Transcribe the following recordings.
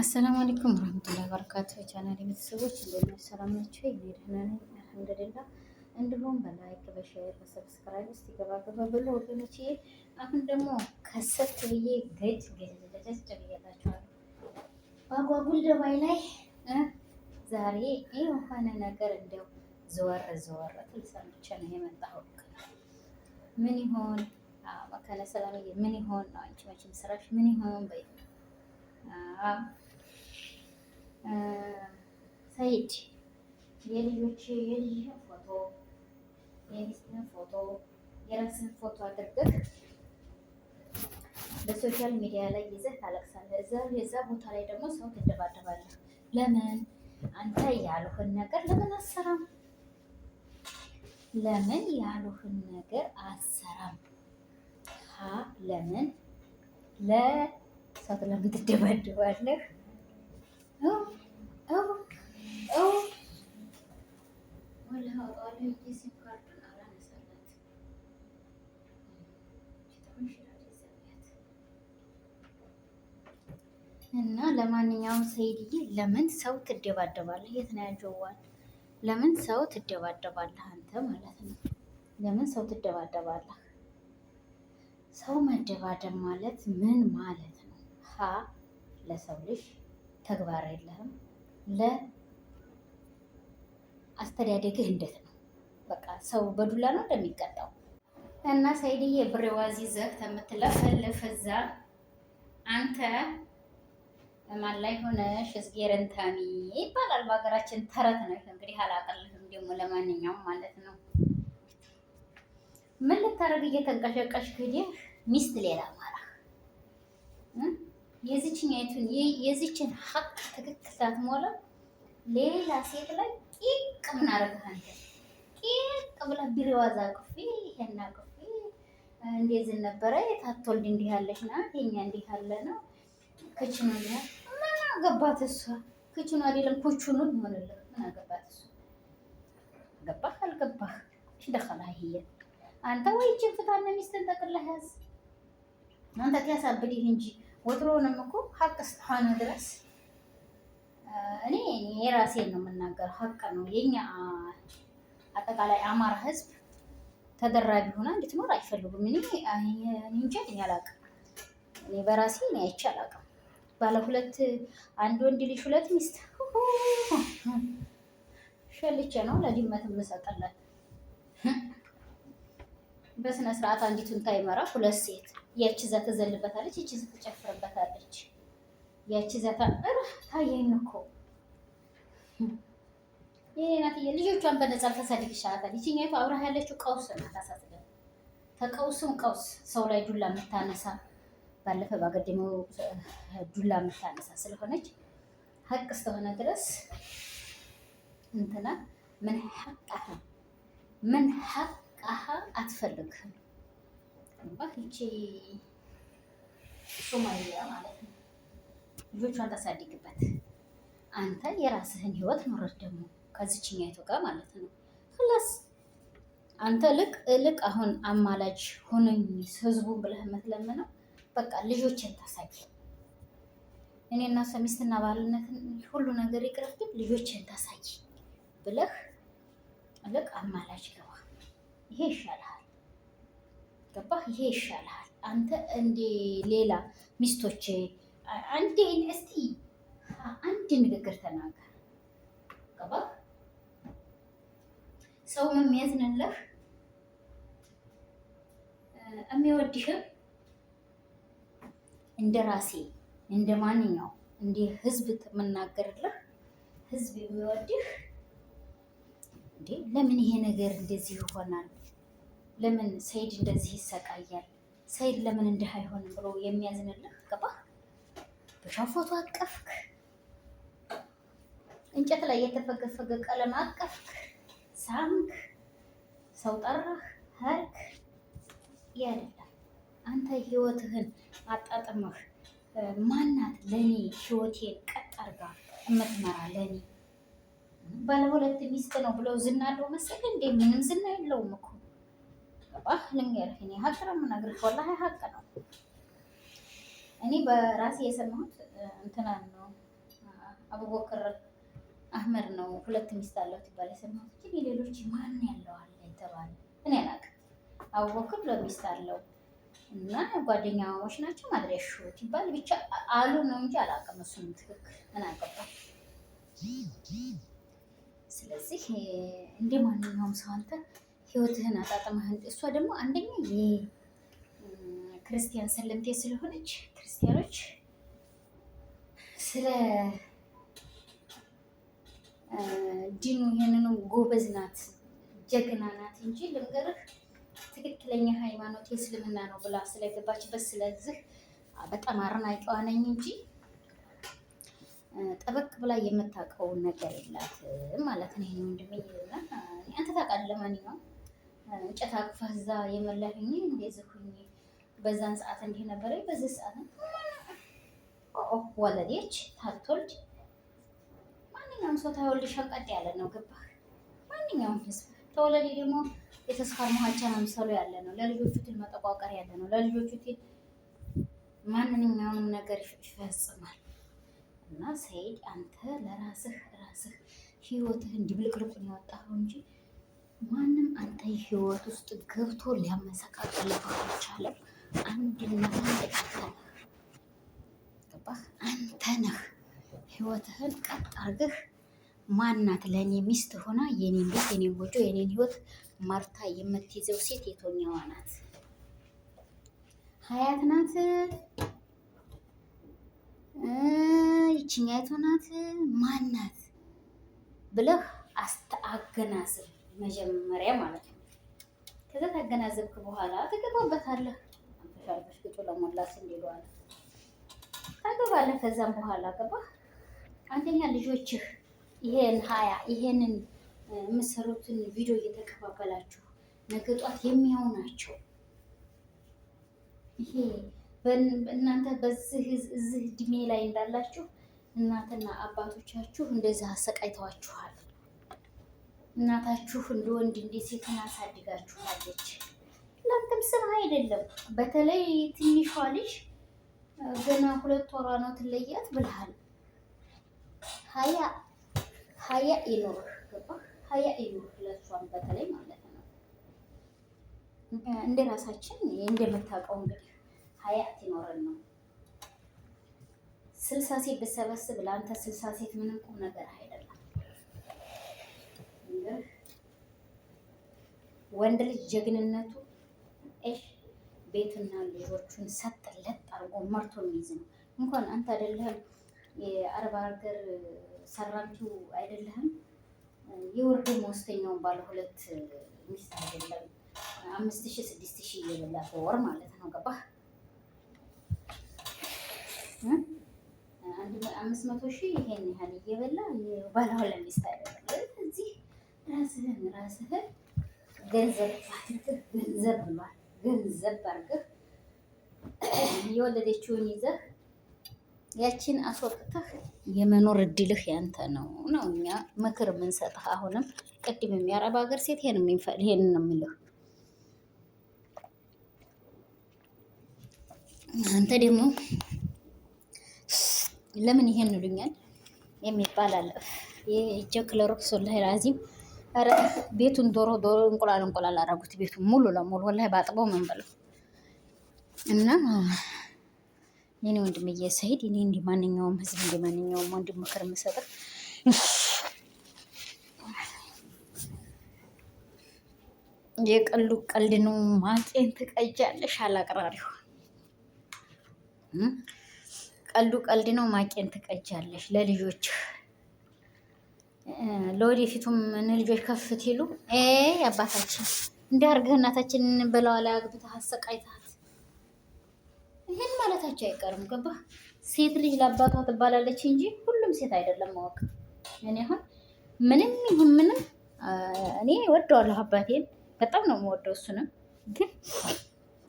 አሰላሙ አለይኩም ወራህመቱላሂ ወበረካቱ ቻናል ቤተሰቦች እንደምን ሰላም ናችሁ? ደህና ነኝ አልሐምዱሊላህ። እንዲሁም በላይክ በሼር በሰብስክራይብ ውስጥ ገባ ገባ ብሎ ወገኖቼ፣ አሁን ደግሞ ከሰት ብዬ ገጭ ገጭ ገጭ ብያላችኋል። በአጓጉል ደባይ ላይ ዛሬ የሆነ ነገር እንደው ዘወር ዘወር ትልሰምቼ ነው የመጣሁት። ምን ይሆን መካነ ሰላምዬ? ምን ይሆን አንቺ መቼም ስራሽ ምን ይሆን በይ ሰይድ የልጆች የልጅህን ፎቶ የሚስትህን ፎቶ የራስን ፎቶ አድርገህ በሶሻል ሚዲያ ላይ ይዘህ ታለቅሳለህ። የዛ ቦታ ላይ ደግሞ ሰው ትደባደባለህ። ለምን አንተ ያሉህን ነገር ለምን አሰራም? ለምን ያሉህን ነገር አሰራም? ሀ ለምን ለሰው ለምን ትደባደባለህ? Oh, oh, oh. እና ለማንኛውም ሰይድዬ ለምን ሰው ትደባደባለህ? የት ነው ያጀዋል? ለምን ሰው ትደባደባለህ? አንተ ማለት ነው። ለምን ሰው ትደባደባለህ? ሰው መደባደብ ማለት ምን ማለት ነው? ሀ ለሰው ልጅ ተግባር የለህም። ለአስተዳደግህ እንዴት ነው? በቃ ሰው በዱላ ነው እንደሚቀጣው እና ሰይድዬ ብሬዋዚ ዋዚ ዘህ ተምትለፈልፍ እዛ አንተ ማን ላይ ሆነሽ እዝጌርን ታሚ ይባላል በሀገራችን ተረት ነው። እንግዲህ አላቀልህም ደግሞ ለማንኛውም ማለት ነው ምን ልታረግ እየተንቀሸቀሽ ሚስት ሌላ ማራ የዚችኛይቱን የዚችን ሀቅ ትክክል ሳትሞላ ሌላ ሴት ላይ ቂቅ ምናረግሃለ ቂቅ ብላ ቢሪዋዛ ክፊ ይሄና ክፊ እንደዚህ ነበረ የታቶልድ እንዲህ ያለች ናት የኛ እንዲህ ያለ ነው ክችኑ እንዲህ ምን አገባት እሷ ክችኑ አይደለም ኩቹኑ ይሆንልን ምን አገባት እሷ ገባህ አልገባህ ሽደኸላ ይሄ አንተ ወይ ችንፍታና ሚስትን ጠቅለህ ያዝ አንተ ትያሳብድህ እንጂ ወትሮውንም እኮ ሀቅ እስከሆነ ድረስ እኔ የራሴን ነው የምናገር። ሀቅ ነው የኛ አጠቃላይ አማራ ህዝብ ተደራቢ ሆና እንድትኖር አይፈልጉም። እኔ እንጃ እኔ አላውቅም። እኔ በራሴ እኔ አይቼ አላውቅም። ባለ ሁለት አንድ ወንድ ልጅ ሁለት ሚስት ሸልቼ ነው ለድመት የምሰጠላት። በስነ ስርዓት አንዲቱን ታይመራ ሁለት ሴት ያቺ እዛ ተዘልበታለች፣ ይቺ እዛ ትጨፍርበታለች። ያቺ እዛ ታጠር ታየኝ እኮ ይሄ ናትዬ ልጆቿን በነፃ ተሰድግ ይሻላታል። ይችኛቱ አብረሃ ያለችው ቀውስ ናት፣ አሳስበን ከቀውስም ቀውስ ሰው ላይ ዱላ የምታነሳ ባለፈ ባገደሚው ዱላ የምታነሳ ስለሆነች ሀቅ እስከሆነ ድረስ እንትና ምን ሀቅ ምን ሀቅ ቃሀ አትፈልግህም። አባት ይቺ ሱማያ ማለት ነው ልጆቿን ታሳድግበት። አንተ የራስህን ህይወት ኖረህ ደግሞ ከዚችኛይቱ ጋር ማለት ነው ክላስ አንተ ልቅ ልቅ አሁን አማላጅ ሆነኝ ህዝቡን ብለህ የምትለምነው በቃ ልጆችን ታሳይ። እኔ እና ሰሚስትና ሚስትና ባልነትን ሁሉ ነገር ይቅርብን ልጆችን ታሳይ ብለህ ልቅ አማላጅ ገባ ይሄ ይሻልሃል፣ ገባህ? ይሄ ይሻልሃል። አንተ እንዴ ሌላ ሚስቶቼ አንዴ እስቲ አንድ ንግግር ተናገር፣ ገባህ? ሰው የሚያዝንልህ የሚወድህም እንደ ራሴ እንደ ማንኛው እንደ ህዝብ የምናገርልህ ህዝብ የሚወድህ እንዴ፣ ለምን ይሄ ነገር እንደዚህ ይሆናል? ለምን ሰይድ እንደዚህ ይሰቃያል፣ ሰይድ ለምን እንዲህ አይሆንም ብሎ የሚያዝንልህ ገባህ? በሻፎቱ አቀፍክ፣ እንጨት ላይ የተፈገፈገ ቀለም አቀፍክ፣ ሳምክ፣ ሰው ጠራህ፣ ሀርክ ያደላል። አንተ ህይወትህን አጣጥመህ ማናት ለኔ ህይወቴ ቀጥ አርጋ እምትመራ ለኔ ባለሁለት ሚስት ነው ብለው ዝና አለው መሰለህ እንዴ? ምንም ዝና የለውም እኮ አህ ልንገርህ፣ እኔ ሀቅ ነው የምነግርህ፣ ወላሂ ሀቅ ነው። እኔ በራሴ የሰማሁት እንትናን ነው አቡበክር አህመድ ነው ሁለት ሚስት አለው ሲባል የሰማሁት እንጂ የሌሎች ማን ያለዋል የተባለ እኔ አላውቅም። አቡበክር ሁለት አለው እና ጓደኛዎች ናቸው ማድረሹ ሲባል ብቻ አሉ ነው እንጂ አላውቅም። እሱንም ትክክል ምን አገባኝ። ስለዚህ እንደ ማንኛውም ሰው አንተ ህይወትህን አጣጥመህን። እሷ ደግሞ አንደኛ የክርስቲያን ሰለምቴ ስለሆነች ክርስቲያኖች ስለ ዲኑ ይህንንም ጎበዝ ናት፣ ጀግና ናት እንጂ ልንገርህ ትክክለኛ ሃይማኖት የእስልምና ነው ብላ ስለገባችበት ስለዚህ በጣም አርናቂዋ ነኝ እንጂ ጠበቅ ብላ የምታውቀውን ነገር የላት ማለት ነው። ይህን ወንድሜ አንተ ታውቃለህ ለማንኛውም እንጨት አቅፋ እዛ የመላሁኝ እንደዚህ በዛን ሰዓት እንዲህ ነበረ። በዚህ ሰዓት ወለደች ታትወልድ ማንኛውም ሰው ታይወልድሻል። ቀጥ ያለ ነው ግባ ማንኛውም ህዝብ ተወለደ ደግሞ የተስፋ መሀቻ ምሰሉ ያለ ነው። ለልጆቹ ፊት መጠቋቀር ያለ ነው። ለልጆቹ ፊት ማንኛውንም ነገር ይፈጽማል። እና ሰይድ አንተ ለራስህ ራስህ ህይወትህ እንዲብልቅልቁን ያወጣኸው እንጂ ማንም አንተ ህይወት ውስጥ ገብቶ ሊያመሰቃቅ አልቻለም። አንድና አንድ አንተ ነህ፣ አንተ ነህ። ህይወትህን ቀጥ አድርገህ ማናት ለእኔ ሚስት ሆና የኔን ቤት የኔን ጎጆ የኔን ህይወት ማርታ የምትይዘው ሴት የቶኛዋ ናት? ሀያት ናት? ይችኛይቱ ናት? ማን ናት ብለህ አስተአገናዝብ። መጀመሪያ ማለት ነው። ከዛ ታገናዘብክ በኋላ ትገባበታለህ። አንተሻልሽ ግጡ ለሞላስ እንዲለዋል ታገባለህ። ከዛም በኋላ ገባ አንደኛ ልጆችህ ይሄን ሀያ ይሄንን የምሰሩትን ቪዲዮ እየተቀባበላችሁ ነገ ጧት የሚያው ናቸው። ይሄ እናንተ በዚህ እዚህ እድሜ ላይ እንዳላችሁ እናትና አባቶቻችሁ እንደዚህ አሰቃይተዋችኋል። እናታችሁ እንደ ወንድ እንደ ሴትን አሳድጋችኋለች። ለአንተም ስም አይደለም። በተለይ ትንሿ ልጅ ገና ሁለት ወሯ ነው ትለያት ብልሃል። ሀያ ሀያ ይኖርህ ሀያ ይኖርህ ለሷም በተለይ ማለት ነው። እንደ ራሳችን እንደምታውቀው እንግዲህ ሀያ ይኖረን ነው። ስልሳ ሴት ብሰበስብ ለአንተ ስልሳ ሴት ምንም ቁም ነገር አይ ወንድ ልጅ ጀግንነቱ እሽ ቤትና ልጆቹን ሰጥ ለጥ አድርጎ መርቶ የሚይዝ ነው። እንኳን አንተ አይደለህም የአረብ ሀገር ሰራንቱ አይደለህም የወርዱ መወስተኛውን ባለ ሁለት ሚስት አይደለም አምስት ሺህ ስድስት ሺህ እየበላ በወር ማለት ነው። ገባህ? አንድ አምስት መቶ ሺህ ይሄን ያህል እየበላ ባለ ሁለት ሚስት አይደለም ራስህን ራስህን ገንዘብ ገንዘብ ብሏል። ገንዘብ አድርገህ የወለደችውን ይዘህ ያቺን አስወጥተህ የመኖር እድልህ ያንተ ነው ነው እኛ ምክር የምንሰጥህ። አሁንም ቅድም የሚያረባ ሀገር ሴት ይሄን ነው የምልህ። አንተ ደግሞ ለምን ይሄን ይሉኛል የሚባል አለ ራዚም ቤቱን ዶሮ ዶሮ እንቁላል እንቁላል አደረጉት። ቤቱን ሙሉ ለሙሉ ወላሂ ባጥበው ምን በለው እና የኔ ወንድምዬ ሰኢድ፣ እኔ እንዲህ ማንኛውም ህዝብ እንዲህ ማንኛውም ወንድም ምክር የምሰጥህ የቀሉ ቀልድ ነው። ማቄን ትቀጃለሽ አላቅራሪሁ ቀሉ ቀልድ ነው። ማቄን ትቀጃለሽ ለልጆችህ ለወደፊቱም ልጆች ከፍት ይሉ አባታችን እንዲህ አድርገህ እናታችንን በለዋ ላይ አግብተህ አሰቃይተሃት ይህን ማለታቸው አይቀርም። ገባ ሴት ልጅ ለአባቷ ትባላለች እንጂ ሁሉም ሴት አይደለም። ማወቅ እኔ አሁን ምንም ይሁን ምንም እኔ ወደዋለሁ አባቴን በጣም ነው የምወደው። እሱንም ግን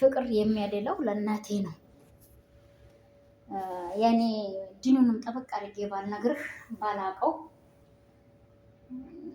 ፍቅር የሚያደላው ለእናቴ ነው። ያኔ ድኑንም ጠበቅ አድርጌ ባልነግርህ ባላቀው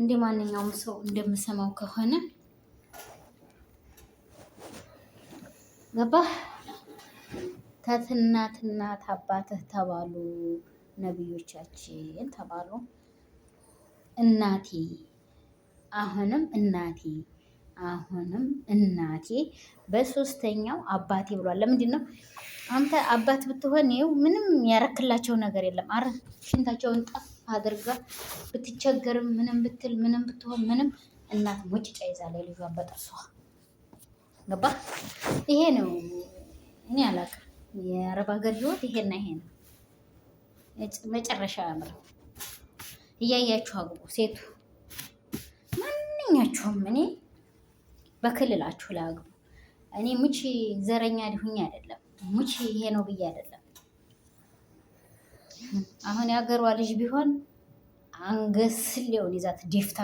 እንደ ማንኛውም ሰው እንደምሰማው ከሆነ ገባህ ከትናትናት አባትህ ተባሉ ነቢዮቻችን ተባሉ። እናቴ አሁንም እናቴ አሁንም እናቴ በሶስተኛው አባቴ ብሏል። ለምንድን ነው አንተ አባት ብትሆን ይኸው ምንም ያረክላቸው ነገር የለም። አረ ሽንታቸውን ጠፍ ተስፋ አድርጋ ብትቸገርም ምንም ብትል ምንም ብትሆን ምንም እናት ሙጭጫ ላይ ልጇን በጥርሷ ገባ። ይሄ ነው እኔ አላውቅም። የአረብ ሀገር ህይወት ይሄና ይሄ ነው። መጨረሻ አያምርም። እያያችሁ አግቡ ሴቱ ማንኛችሁም። እኔ በክልላችሁ ላይ አግቡ። እኔ ሙች ዘረኛ ሊሁኝ አይደለም ሙቺ ይሄ ነው ብዬ አይደለም አሁን የሀገሯ ልጅ ቢሆን አንገት ስሌውን ይዛት ደፍታ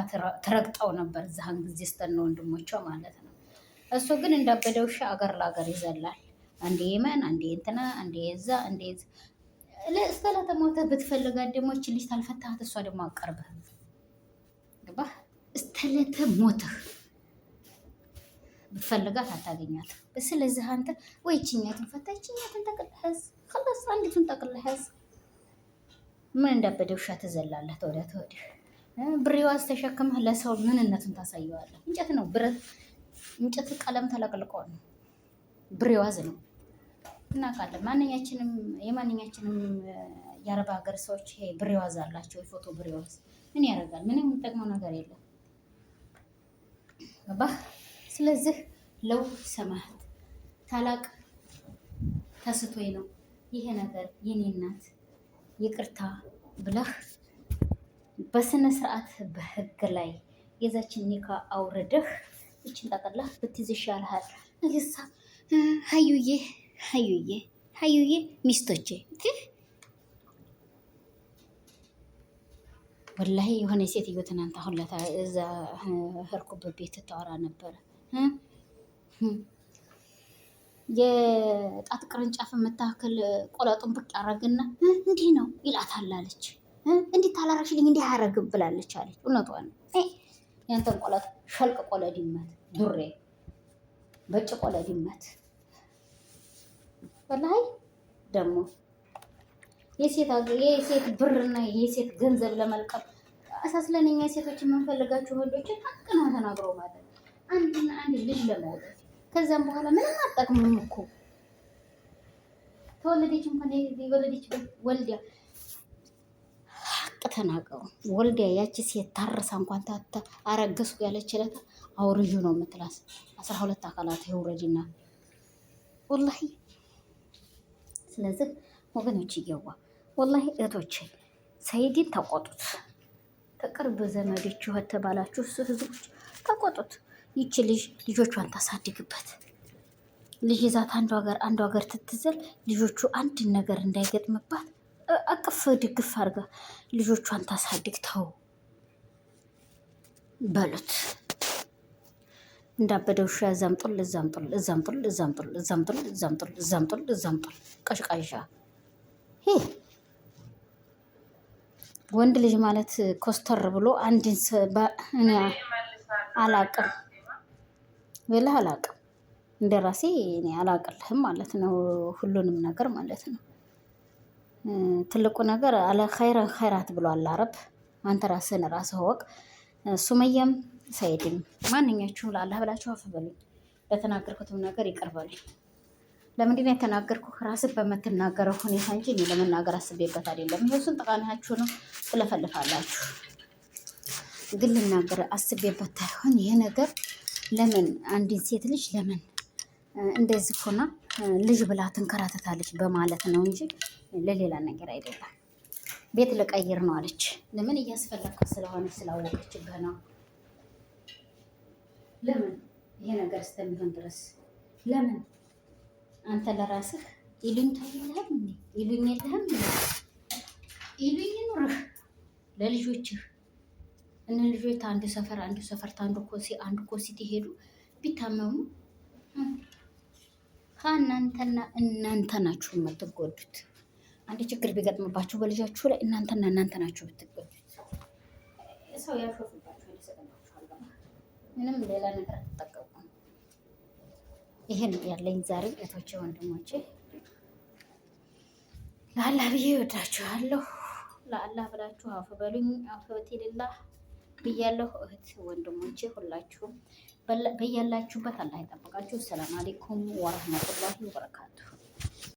ትረግጣው ነበር። እዛን ጊዜ ስተነ ወንድሞቿ ማለት ነው። እሱ ግን እንዳበደ ውሻ አገር ለአገር ይዘላል። አንዴ የመን፣ አንዴ እንትና፣ አንዴ የዛ፣ አንዴ እስከ ለተሞተ ብትፈልጋት ደግሞ ይህች ልጅ ታልፈታት እሷ ደግሞ አቀርበ ግባህ እስተለተ ሞትህ ብትፈልጋት አታገኛት። ስለዚህ አንተ ወይ ይችኛትን ፈታ ይችኛትን ጠቅልህዝ ክላስ አንዲቱን ጠቅልህዝ ምን እንዳበደ ውሻ ትዘላለህ ተወዲያ ተወዲህ። ብሬዋዝ ተሸክመህ ለሰው ምንነቱን ታሳየዋለህ። እንጨት ነው ብረት እንጨት ቀለም ተለቅልቆ ነው ብሬዋዝ ነው። እናውቃለን። ማንኛችንም የማንኛችንም የአረብ ሀገር ሰዎች ይሄ ብሬዋዝ አላቸው። የፎቶ ብሬዋዝ ምን ያደርጋል? ምንም የሚጠቅመው ነገር የለም። ባ ስለዚህ ለው ሰማህት ታላቅ ተስቶኝ ነው ይሄ ነገር የኔ እናት ይቅርታ ብለህ በስነ ስርዓት በህግ ላይ የዛችን ኒካ አውርደህ እችን ጠቅላ ብትይዝ ይሻልሃል። እሳ ሀዩዬ ሀዩዬ ሀዩዬ ሚስቶቼ ወላሂ የሆነ ሴትዮ ትናንት አሁን ለታ እዛ ህርኩበት ቤት ታወራ ነበረ። የጣት ቅርንጫፍ የምታክል ቆለጡን ብቅ ያደረግና እንዲህ ነው ይላታል አለች። እንዲህ ታላራችልኝ እንዲህ አያረግም ብላለች አለች። እውነቷን ያንተን ቆለጥ ሸልቅ ቆለድመት ዱሬ በጭ ቆለድመት በላይ ደግሞ የሴት ብርና የሴት ገንዘብ ለመልቀም አሳስለን እኛ ሴቶች የምንፈልጋችሁ ወንዶችን ሀቅ ነው ተናግሮ ማለት አንድና አንድ ልጅ ለመውለድ ከዛም በኋላ ምንም አጠቅሙም እኮ ተወለደች እንኳን የወለደችበት ወልዲያ ሀቅ ተናገሩ። ወልዲያ ያቺ ሴት ታርሳ እንኳን ታታ አረገዝኩ ያለች ዕለት አውርዩ ነው የምትላስ። አስራ ሁለት አካላት የውረድና ወላሂ። ስለዚህ ወገኖች እየዋ ወላሂ እህቶች ሰይድን ተቆጡት። ከቅርብ ዘመዶች ተባላችሁ ህዝቦች ተቆጡት። ይቺ ልጅ ልጆቿን ታሳድግበት። ልጅ ይዛት አንዱ ሀገር አንዱ ሀገር ትትዘል ልጆቹ አንድን ነገር እንዳይገጥምባት አቅፍ ድግፍ አድርጋ ልጆቿን ታሳድግ። ተው በሉት እንዳበደ ውሻ ዘምጡል ዘምጡል ዘምጡል ዘምጡል ዘምጡል ዘምጡል ዘምጡል ዘምጡል ቀሽቃሻ ወንድ ልጅ ማለት ኮስተር ብሎ አንድን አላቅም። ብለህ አላውቅም። እንደ ራሴ እኔ አላቅልህም ማለት ነው፣ ሁሉንም ነገር ማለት ነው። ትልቁ ነገር አለ ኸይረን ኸይራት ብሏል አረብ። አንተ ራስህን ራስህ ወቅ። ሱመያም ሰይድም ማንኛችሁም ለአላህ ብላችሁ አፍ ለተናገርኩትም ነገር ይቅር በሉኝ። የተናገርኩ ራስህ በምትናገረው ሁኔታ እንጂ እኔ ለመናገር አስቤበት አይደለም። ይኸው ነው ትለፈልፋላችሁ። ግን ልናገር አስቤበት ታይሆን ይህ ነገር ለምን አንዲት ሴት ልጅ ለምን እንደዚህ ሆና ልጅ ብላ ትንከራተታለች በማለት ነው እንጂ ለሌላ ነገር አይደለም። ቤት ልቀይር ነው አለች። ለምን እያስፈለግኩ ስለሆነ ስላወቀችብህ ገና ለምን ይሄ ነገር እስከሚሆን ድረስ ለምን አንተ ለራስህ ኢሉኝ የለህም፣ ይሉኝ የለህም፣ ይሉኝ ይኑርህ ለልጆችህ እነ ልጆች አንዱ ሰፈር አንዱ ሰፈር ታንዱ ኮሴ አንዱ ኮሲ ትሄዱ ቢታመሙ ከእናንተና እናንተ ናችሁ የምትጎዱት። አንድ ችግር ቢገጥምባችሁ በልጃችሁ ላይ እናንተና እናንተ ናችሁ የምትጎዱት ሰው ምንም ሌላ ነገር አትጠቀቁም። ይሄን ያለኝ ዛሬ እህቶቼ፣ ወንድሞቼ ለአላህ ብዬ እወዳችኋለሁ። ለአላህ ብላችሁ አፍ በሉኝ። አፍ በቴልላህ ብያለሁ። እህት ወንድሞቼ ሁላችሁም በያላችሁበት አላህ ይጠብቃችሁ። ሰላም አሌይኩም ወረህመቱላሂ ወበረካቱሁ።